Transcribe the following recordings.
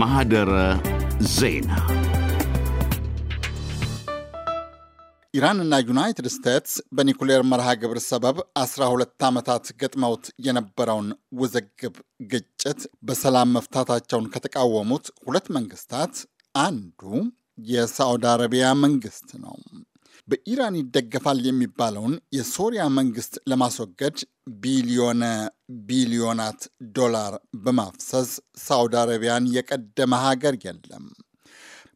ማህደረ ዜና ኢራንና ዩናይትድ ስቴትስ በኒኩሌር መርሃ ግብር ሰበብ 12 ዓመታት ገጥመውት የነበረውን ውዝግብ ግጭት በሰላም መፍታታቸውን ከተቃወሙት ሁለት መንግስታት አንዱ የሳዑዲ አረቢያ መንግስት ነው። በኢራን ይደገፋል የሚባለውን የሶሪያ መንግስት ለማስወገድ ቢሊዮነ ቢሊዮናት ዶላር በማፍሰስ ሳውዲ አረቢያን የቀደመ ሀገር የለም።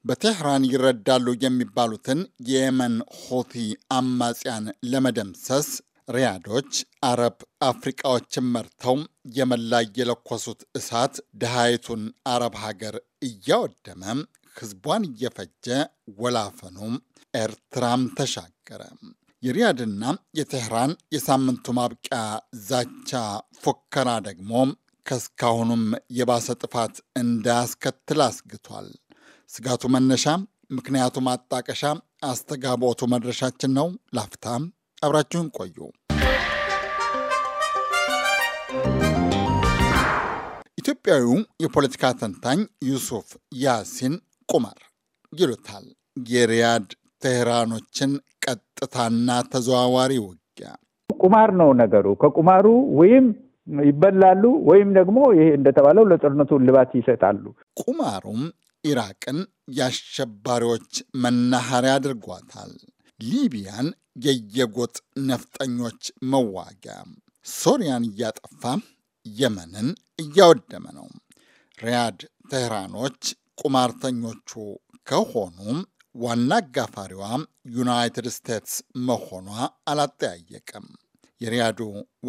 በቴህራን ይረዳሉ የሚባሉትን የየመን ሆቲ አማጽያን ለመደምሰስ ሪያዶች አረብ አፍሪቃዎችን መርተው የመላ የለኮሱት እሳት ድሃይቱን አረብ ሀገር እያወደመ ህዝቧን እየፈጀ ወላፈኑም ኤርትራም ተሻገረ። የሪያድና የቴህራን የሳምንቱ ማብቂያ ዛቻ ፉከራ ደግሞ ከእስካሁኑም የባሰ ጥፋት እንዳያስከትል አስግቷል። ስጋቱ መነሻ፣ ምክንያቱ ማጣቀሻ፣ አስተጋቦቱ መድረሻችን ነው። ላፍታም አብራችሁን ቆዩ። ኢትዮጵያዊው የፖለቲካ ተንታኝ ዩሱፍ ያሲን ቁማር ይሉታል። የሪያድ ቴህራኖችን ቀጥታና ተዘዋዋሪ ውጊያ ቁማር ነው ነገሩ። ከቁማሩ ወይም ይበላሉ ወይም ደግሞ ይሄ እንደተባለው ለጦርነቱ ልባት ይሰጣሉ። ቁማሩም ኢራቅን የአሸባሪዎች መናኸሪያ አድርጓታል። ሊቢያን የየጎጥ ነፍጠኞች መዋጊያ፣ ሶሪያን እያጠፋ የመንን እያወደመ ነው። ሪያድ ቴህራኖች ቁማርተኞቹ ከሆኑ ዋና አጋፋሪዋ ዩናይትድ ስቴትስ መሆኗ አላጠያየቅም። የሪያዱ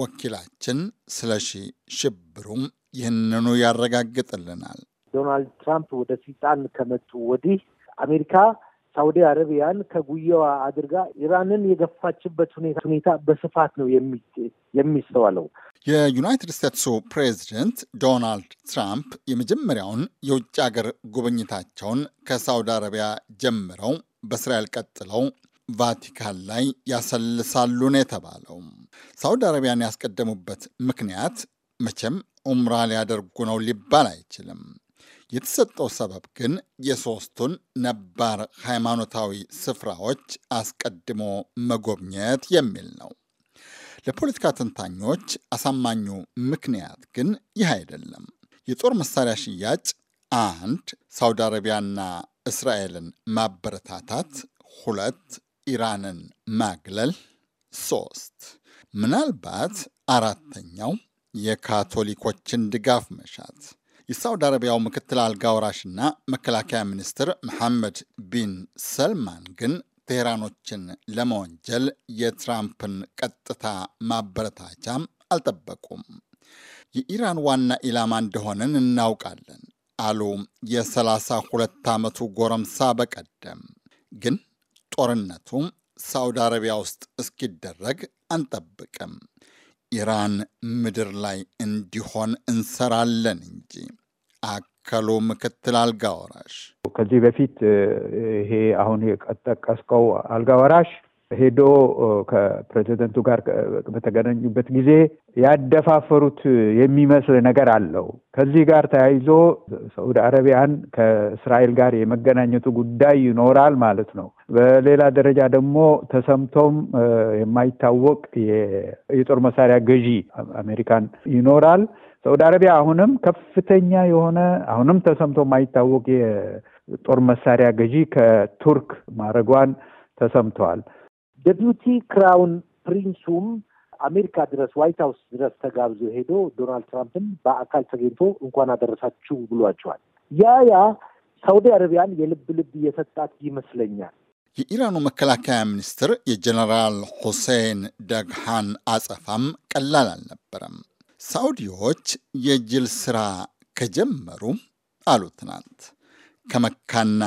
ወኪላችን ስለሺ ሽብሩም ይህንኑ ያረጋግጥልናል። ዶናልድ ትራምፕ ወደ ስልጣን ከመጡ ወዲህ አሜሪካ ሳውዲ አረቢያን ከጉያዋ አድርጋ ኢራንን የገፋችበት ሁኔታ ሁኔታ በስፋት ነው የሚስተዋለው። የዩናይትድ ስቴትሱ ፕሬዚደንት ዶናልድ ትራምፕ የመጀመሪያውን የውጭ ሀገር ጉብኝታቸውን ከሳውዲ አረቢያ ጀምረው በእስራኤል ቀጥለው ቫቲካን ላይ ያሰልሳሉ ነው የተባለው። ሳውዲ አረቢያን ያስቀደሙበት ምክንያት መቼም ኡምራ ሊያደርጉ ነው ሊባል አይችልም። የተሰጠው ሰበብ ግን የሶስቱን ነባር ሃይማኖታዊ ስፍራዎች አስቀድሞ መጎብኘት የሚል ነው። ለፖለቲካ ተንታኞች አሳማኙ ምክንያት ግን ይህ አይደለም። የጦር መሳሪያ ሽያጭ አንድ ሳውዲ አረቢያና እስራኤልን ማበረታታት፣ ሁለት ኢራንን ማግለል፣ ሶስት ምናልባት አራተኛው የካቶሊኮችን ድጋፍ መሻት የሳውዲ አረቢያው ምክትል አልጋ ወራሽና መከላከያ ሚኒስትር መሐመድ ቢን ሰልማን ግን ቴህራኖችን ለመወንጀል የትራምፕን ቀጥታ ማበረታቻም አልጠበቁም። የኢራን ዋና ኢላማ እንደሆንን እናውቃለን አሉ የሰላሳ ሁለት ዓመቱ ጎረምሳ በቀደም። ግን ጦርነቱ ሳውዲ አረቢያ ውስጥ እስኪደረግ አንጠብቅም ኢራን ምድር ላይ እንዲሆን እንሰራለን እንጂ አከሉ ምክትል አልጋ ወራሽ ከዚህ በፊት ይሄ አሁን የጠቀስከው አልጋ ወራሽ ሄዶ ከፕሬዚደንቱ ጋር በተገናኙበት ጊዜ ያደፋፈሩት የሚመስል ነገር አለው። ከዚህ ጋር ተያይዞ ሳዑዲ አረቢያን ከእስራኤል ጋር የመገናኘቱ ጉዳይ ይኖራል ማለት ነው። በሌላ ደረጃ ደግሞ ተሰምቶም የማይታወቅ የጦር መሳሪያ ገዢ አሜሪካን ይኖራል። ሳዑዲ አረቢያ አሁንም ከፍተኛ የሆነ አሁንም ተሰምቶ የማይታወቅ የጦር መሳሪያ ገዢ ከቱርክ ማድረጓን ተሰምተዋል። ደቢዩቲ ክራውን ፕሪንሱም አሜሪካ ድረስ ዋይት ሀውስ ድረስ ተጋብዞ ሄዶ ዶናልድ ትራምፕን በአካል ተገኝቶ እንኳን አደረሳችሁ ብሏቸዋል። ያ ያ ሳውዲ አረቢያን የልብ ልብ እየሰጣት ይመስለኛል። የኢራኑ መከላከያ ሚኒስትር የጀነራል ሁሴን ደግሃን አጸፋም ቀላል አልነበረም። ሳውዲዎች የጅል ስራ ከጀመሩ አሉ ትናንት ከመካና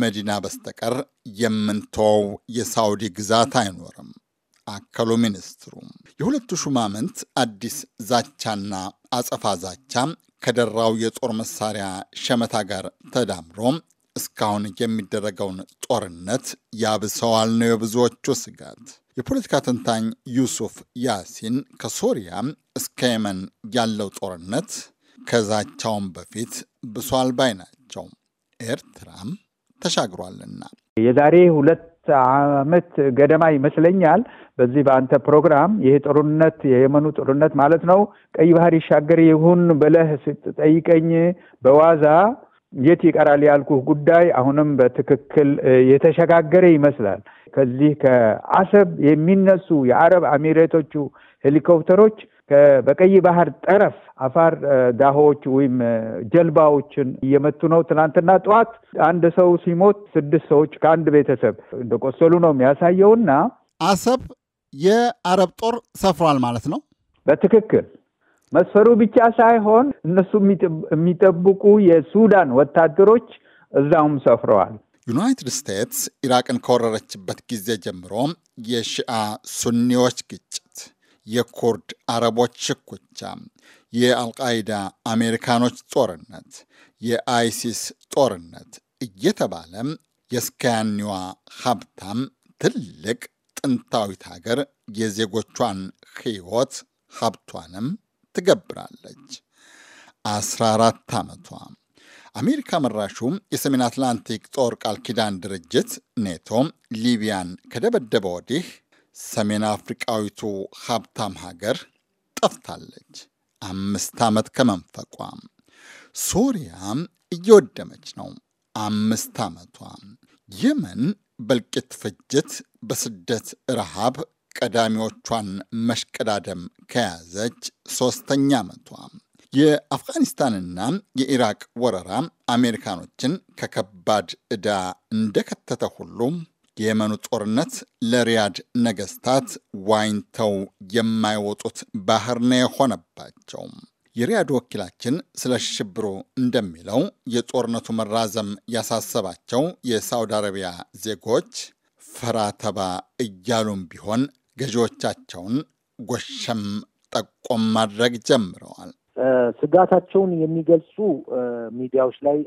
መዲና በስተቀር የምንተወው የሳውዲ ግዛት አይኖርም አከሉ ሚኒስትሩ። የሁለቱ ሹማምንት አዲስ ዛቻና አጸፋ ዛቻ ከደራው የጦር መሳሪያ ሸመታ ጋር ተዳምሮ እስካሁን የሚደረገውን ጦርነት ያብሰዋል ነው የብዙዎቹ ስጋት። የፖለቲካ ተንታኝ ዩሱፍ ያሲን ከሶሪያ እስከ የመን ያለው ጦርነት ከዛቻውን በፊት ብሷል ባይ ናቸው። ኤርትራም ተሻግሯልና የዛሬ ሁለት ዓመት ገደማ ይመስለኛል በዚህ በአንተ ፕሮግራም ይህ ጦርነት የየመኑ ጦርነት ማለት ነው ቀይ ባህር ይሻገር ይሁን ብለህ ስትጠይቀኝ በዋዛ የት ይቀራል ያልኩህ ጉዳይ አሁንም በትክክል የተሸጋገረ ይመስላል። ከዚህ ከአሰብ የሚነሱ የአረብ አሚሬቶቹ ሄሊኮፕተሮች በቀይ ባህር ጠረፍ አፋር ዳሆዎች ወይም ጀልባዎችን እየመቱ ነው። ትናንትና ጠዋት አንድ ሰው ሲሞት ስድስት ሰዎች ከአንድ ቤተሰብ እንደቆሰሉ ነው የሚያሳየውና አሰብ የአረብ ጦር ሰፍሯል ማለት ነው። በትክክል መስፈሩ ብቻ ሳይሆን እነሱ የሚጠብቁ የሱዳን ወታደሮች እዛውም ሰፍረዋል። ዩናይትድ ስቴትስ ኢራቅን ከወረረችበት ጊዜ ጀምሮ የሺአ ሱኒዎች ግጭት የኩርድ አረቦች ሽኩቻ፣ የአልቃይዳ አሜሪካኖች ጦርነት፣ የአይሲስ ጦርነት እየተባለ የስካያኒዋ ሀብታም ትልቅ ጥንታዊት ሀገር የዜጎቿን ሕይወት ሀብቷንም ትገብራለች። 14 ዓመቷ አሜሪካ መራሹ የሰሜን አትላንቲክ ጦር ቃል ኪዳን ድርጅት ኔቶ ሊቢያን ከደበደበ ወዲህ ሰሜን አፍሪቃዊቱ ሀብታም ሀገር ጠፍታለች። አምስት ዓመት ከመንፈቋ ሶሪያ እየወደመች ነው። አምስት ዓመቷ የመን በልቂት ፍጅት፣ በስደት ረሃብ ቀዳሚዎቿን መሽቀዳደም ከያዘች ሦስተኛ ዓመቷ የአፍጋኒስታንና የኢራቅ ወረራ አሜሪካኖችን ከከባድ ዕዳ እንደከተተ ሁሉም የየመኑ ጦርነት ለሪያድ ነገስታት ዋኝተው የማይወጡት ባህር ነው የሆነባቸው። የሪያድ ወኪላችን ስለ ሽብሩ እንደሚለው የጦርነቱ መራዘም ያሳሰባቸው የሳውዲ አረቢያ ዜጎች ፈራተባ እያሉም ቢሆን ገዢዎቻቸውን ጎሸም ጠቆም ማድረግ ጀምረዋል። ስጋታቸውን የሚገልጹ ሚዲያዎች ላይ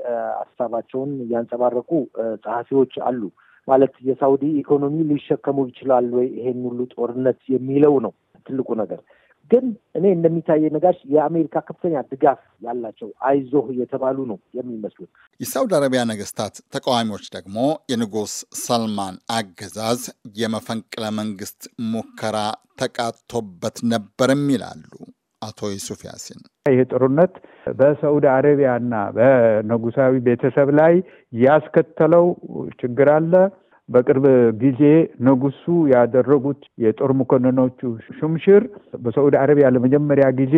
ሀሳባቸውን ያንጸባረቁ ጸሐፊዎች አሉ። ማለት የሳውዲ ኢኮኖሚ ሊሸከሙ ይችላል ወይ ይሄን ሁሉ ጦርነት የሚለው ነው ትልቁ ነገር። ግን እኔ እንደሚታየ ነጋሽ የአሜሪካ ከፍተኛ ድጋፍ ያላቸው አይዞህ የተባሉ ነው የሚመስሉት። የሳውዲ አረቢያ ነገስታት ተቃዋሚዎች ደግሞ የንጉስ ሰልማን አገዛዝ የመፈንቅለ መንግስት ሙከራ ተቃቶበት ነበርም ይላሉ። አቶ ዩሱፍ ያሲን ይህ ጦርነት በሰዑድ አረቢያና በንጉሳዊ ቤተሰብ ላይ ያስከተለው ችግር አለ። በቅርብ ጊዜ ንጉሱ ያደረጉት የጦር መኮንኖቹ ሹምሽር በሰዑድ አረቢያ ለመጀመሪያ ጊዜ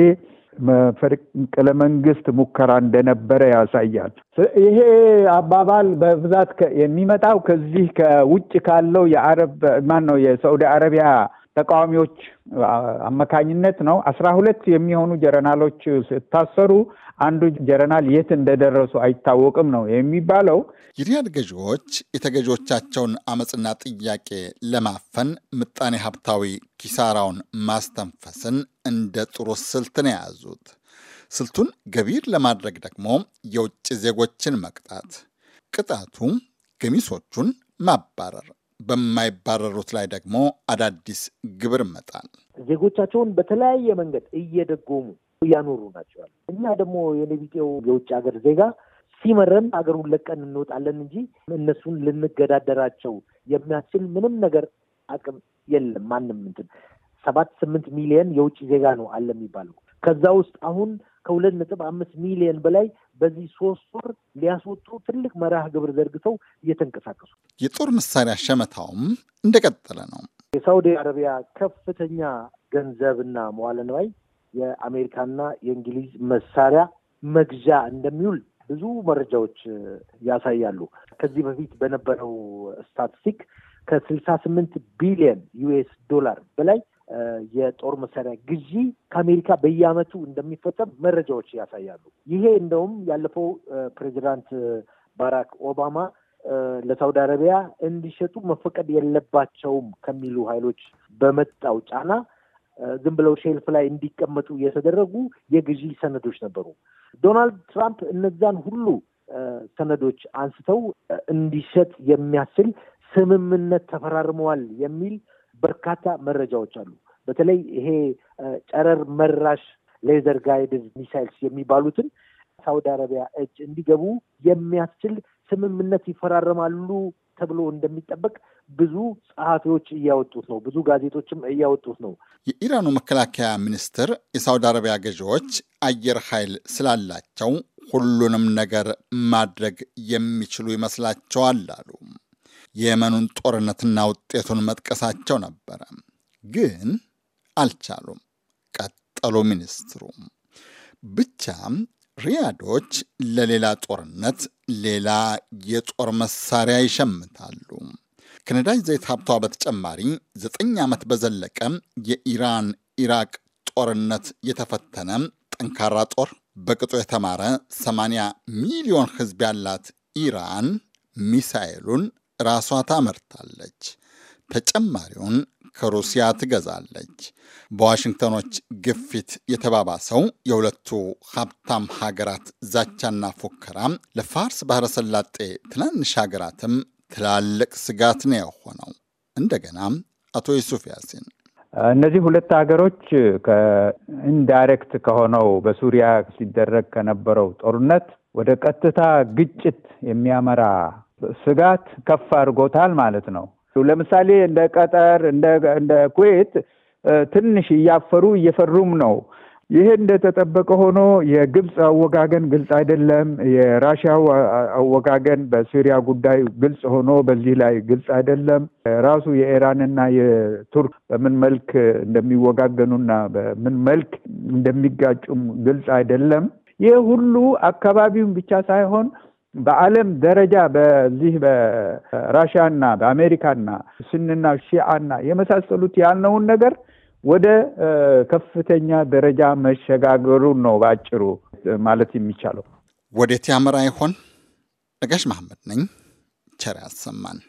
መፈንቅለ መንግስት ሙከራ እንደነበረ ያሳያል። ይሄ አባባል በብዛት የሚመጣው ከዚህ ከውጭ ካለው የአረብ ማን ነው አረቢያ ተቃዋሚዎች አማካኝነት ነው። አስራ ሁለት የሚሆኑ ጀረናሎች ስታሰሩ አንዱ ጀረናል የት እንደደረሱ አይታወቅም ነው የሚባለው። የሪያድ ገዢዎች የተገዢዎቻቸውን አመፅና ጥያቄ ለማፈን ምጣኔ ሀብታዊ ኪሳራውን ማስተንፈስን እንደ ጥሩ ስልት ነው የያዙት። ስልቱን ገቢር ለማድረግ ደግሞ የውጭ ዜጎችን መቅጣት፣ ቅጣቱ ገሚሶቹን ማባረር በማይባረሩት ላይ ደግሞ አዳዲስ ግብር መጣል ዜጎቻቸውን በተለያየ መንገድ እየደጎሙ እያኖሩ ናቸዋል። እኛ ደግሞ የኔቢጤው የውጭ ሀገር ዜጋ ሲመረን አገሩን ለቀን እንወጣለን እንጂ እነሱን ልንገዳደራቸው የሚያስችል ምንም ነገር አቅም የለም። ማንም እንትን ሰባት ስምንት ሚሊየን የውጭ ዜጋ ነው አለ የሚባለው ከዛ ውስጥ አሁን ከሁለት ነጥብ አምስት ሚሊየን በላይ በዚህ ሶስት ወር ሊያስወጡ ትልቅ መርሃ ግብር ዘርግተው እየተንቀሳቀሱ የጦር መሳሪያ ሸመታውም እንደቀጠለ ነው። የሳውዲ አረቢያ ከፍተኛ ገንዘብና መዋለ ንዋይ የአሜሪካና የእንግሊዝ መሳሪያ መግዣ እንደሚውል ብዙ መረጃዎች ያሳያሉ። ከዚህ በፊት በነበረው ስታትስቲክ ከስልሳ ስምንት ቢሊየን ዩኤስ ዶላር በላይ የጦር መሳሪያ ግዢ ከአሜሪካ በየአመቱ እንደሚፈጸም መረጃዎች ያሳያሉ። ይሄ እንደውም ያለፈው ፕሬዚዳንት ባራክ ኦባማ ለሳውዲ አረቢያ እንዲሸጡ መፈቀድ የለባቸውም ከሚሉ ኃይሎች በመጣው ጫና ዝም ብለው ሼልፍ ላይ እንዲቀመጡ የተደረጉ የግዢ ሰነዶች ነበሩ። ዶናልድ ትራምፕ እነዛን ሁሉ ሰነዶች አንስተው እንዲሸጥ የሚያስችል ስምምነት ተፈራርመዋል የሚል በርካታ መረጃዎች አሉ። በተለይ ይሄ ጨረር መራሽ ሌዘር ጋይድድ ሚሳይልስ የሚባሉትን ሳውዲ አረቢያ እጅ እንዲገቡ የሚያስችል ስምምነት ይፈራረማሉ ተብሎ እንደሚጠበቅ ብዙ ጸሐፊዎች እያወጡት ነው። ብዙ ጋዜጦችም እያወጡት ነው። የኢራኑ መከላከያ ሚኒስትር የሳውዲ አረቢያ ገዢዎች አየር ኃይል ስላላቸው ሁሉንም ነገር ማድረግ የሚችሉ ይመስላቸዋል አሉ። የየመኑን ጦርነትና ውጤቱን መጥቀሳቸው ነበረ። ግን አልቻሉም፣ ቀጠሉ ሚኒስትሩ። ብቻ ሪያዶች ለሌላ ጦርነት ሌላ የጦር መሳሪያ ይሸምታሉ። ከነዳጅ ዘይት ሀብቷ በተጨማሪ ዘጠኝ ዓመት በዘለቀ የኢራን ኢራቅ ጦርነት የተፈተነ ጠንካራ ጦር በቅጡ የተማረ 80 ሚሊዮን ሕዝብ ያላት ኢራን ሚሳኤሉን ራሷ ታመርታለች፣ ተጨማሪውን ከሩሲያ ትገዛለች። በዋሽንግተኖች ግፊት የተባባሰው የሁለቱ ሀብታም ሀገራት ዛቻና ፉከራ ለፋርስ ባህረ ሰላጤ ትናንሽ ሀገራትም ትላልቅ ስጋት ነው የሆነው። እንደገና አቶ ዩሱፍ ያሲን እነዚህ ሁለት ሀገሮች ከኢንዳይሬክት ከሆነው በሱሪያ ሲደረግ ከነበረው ጦርነት ወደ ቀጥታ ግጭት የሚያመራ ስጋት ከፍ አድርጎታል ማለት ነው። ለምሳሌ እንደ ቀጠር እንደ ኩዌት ትንሽ እያፈሩ እየፈሩም ነው። ይሄ እንደተጠበቀ ሆኖ የግብፅ አወጋገን ግልጽ አይደለም። የራሽያው አወጋገን በሲሪያ ጉዳይ ግልጽ ሆኖ በዚህ ላይ ግልጽ አይደለም። ራሱ የኢራንና የቱርክ በምን መልክ እንደሚወጋገኑና በምን መልክ እንደሚጋጩም ግልጽ አይደለም። ይህ ሁሉ አካባቢውን ብቻ ሳይሆን በዓለም ደረጃ በዚህ በራሽያና በአሜሪካና ስንና ሺአና የመሳሰሉት ያልነውን ነገር ወደ ከፍተኛ ደረጃ መሸጋገሩን ነው በአጭሩ ማለት የሚቻለው። ወዴት ያመራ ይሆን? ነጋሽ መሐመድ ነኝ። ቸር ያሰማን።